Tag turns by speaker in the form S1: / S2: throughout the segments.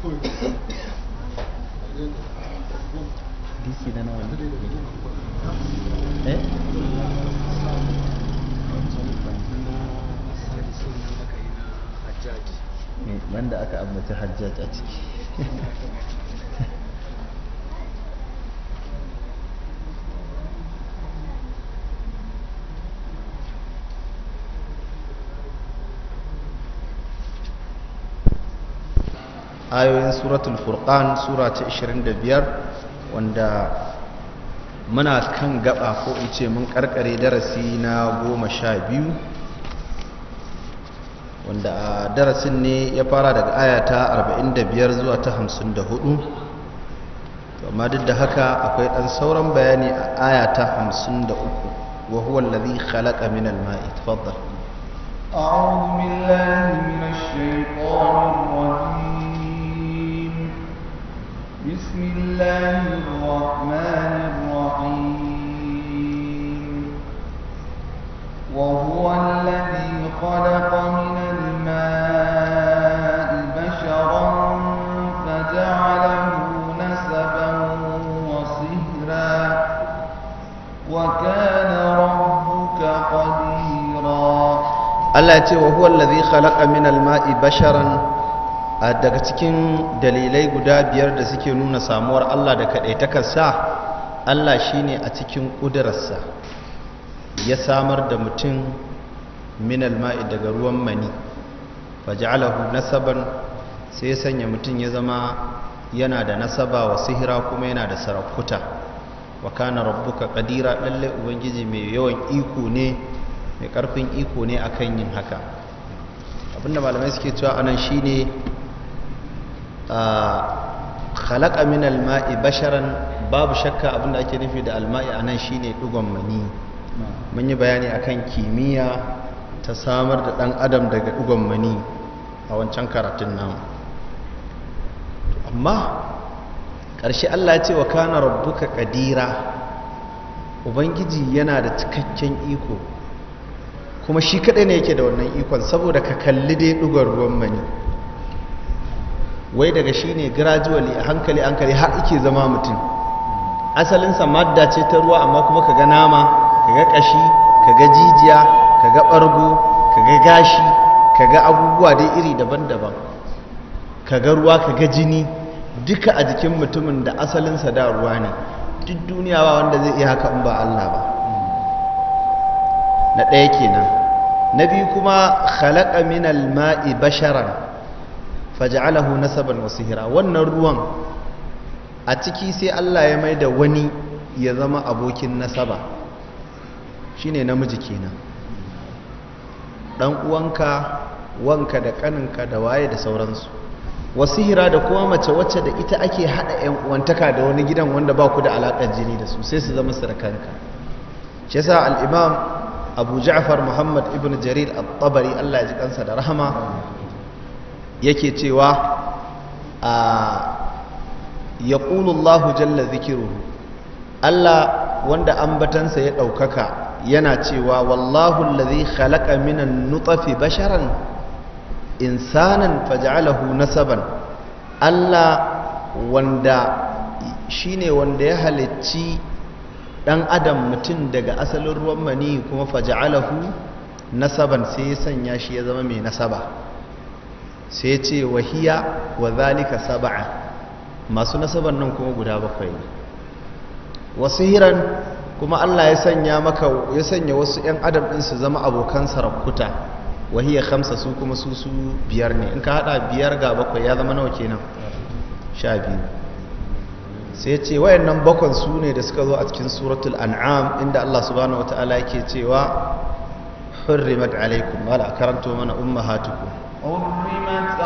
S1: dc
S2: na nawa ne eh wanda aka ambaci hajjaj a ciki ayoyin suratul furqan sura ta 25 wanda muna kan gaba ko in ce mun karkare darasi na goma sha biyu wanda a darasin ne ya fara daga aya ta 45 zuwa ta 54 amma duk da haka akwai ɗan sauran bayani a aya ta 53 wa huwa allazi khalaqa min al-ma'i tafaddal
S1: a'udhu billahi minash shaitanir rajim بسم الله الرحمن الرحيم وهو الذي خلق من الماء بشرا فجعله نسبا وصهرا وكان ربك قديرا
S2: الله وهو الذي خلق من الماء بشرا daga cikin dalilai guda biyar da suke nuna samuwar Allah da kaɗaitakarsa Allah shi ne a cikin ƙudurarsa ya samar da mutum minal ma'i daga ruwan mani faj'alahu nasaban sai ya sanya mutum ya zama yana da nasaba wa sihira kuma yana da sarakuta wa kana rabbuka qadira lalle ubangiji mai yawan iko ne mai karfin iko ne akan yin haka abinda malamai suke cewa anan shine khalaqa min alma'i basharan babu shakka abinda ake nufi da alma'i anan shine dugon mani mun yi bayani akan kimiyya ta samar da dan adam daga dugon mani a wancan karatun nan amma karshe Allah ya ce wa kana rabbuka qadira ubangiji yana da cikakken iko kuma shi kadai ne yake da wannan ikon saboda ka kalli dai dugon ruwan mani wai daga shi ne gradually a hankali hankali har ike zama mutum asalinsa madda ce ta ruwa amma kuma kaga nama kaga kashi kaga jijiya kaga bargo kaga gashi kaga abubuwa dai iri daban-daban kaga ruwa kaga jini duka a jikin mutumin da asalinsa da ruwa ne duk duniya ba wanda zai iya haka in ba Allah ba na ɗaya kenan na biyu kuma khalaqa minal ma'i basharan faja'alahu nasaban wasihira wannan ruwan a ciki sai Allah ya maida wani ya zama abokin nasaba shine namiji kenan dan uwanka wanka da kaninka da waye da sauransu wasihira da kuma mace wacce da ita ake hada yan uwantaka da wani gidan wanda ba ku da alakar jini da su sai su zama sarkanka shi yasa al-imam Abu Ja'far Muhammad ibn Jarir at-Tabari Allah ya ji kansa da rahama yake cewa a ya ƙulullahu jalla zikiru, Allah wanda ambatansa ya ɗaukaka yana cewa wallahu allazi halaka minan nutsafi basharan insanan faj'alahu nasaban Allah wanda ne wanda ya halicci ɗan adam mutum daga asalin ruwan mani kuma faj'alahu nasaban sai ya sanya shi ya zama mai nasaba sai ce wahiya wa zalika saba'a masu nasabar nan kuma guda bakwai ne wasu hiran kuma Allah ya sanya maka ya sanya wasu yan adam ɗin su zama abokan sarakuta wahiya kamsa su kuma su su biyar ne in ka hada biyar ga bakwai ya zama nawa kenan sha biyu sai ce wayannan bakon su ne da suka zo a cikin suratul an'am inda Allah subhanahu wataala yake cewa hurrimat alaikum wala karanto mana ummahatukum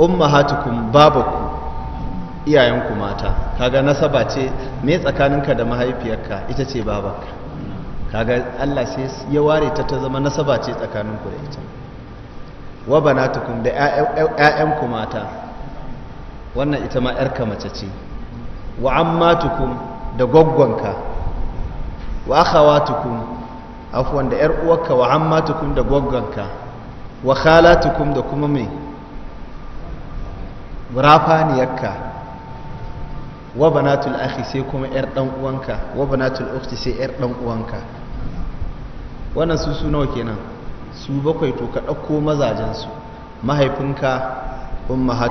S2: ummahatukum babaku iyayenku mata kaga nasaba ce me tsakaninka da mahaifiyarka ita ce babanka kaga Allah sai ya ware ta ta zama nasaba ce tsakaninku da ita wa banatukum da ƴaƴanku mata wannan ita ma ƴarka mace ce wa ammatukum da gwaggwanka wa akhawatukum afwan da ƴar uwarka wa ammatukum da gwaggwanka wa khalatukum da kuma me rafaniyarka wa banatul akhi sai kuma yar dan uwanka wa banatul ukhti sai yar dan uwanka wannan su su nawa kenan su bakwai to ka dauko mazajen su mahaifinka ummah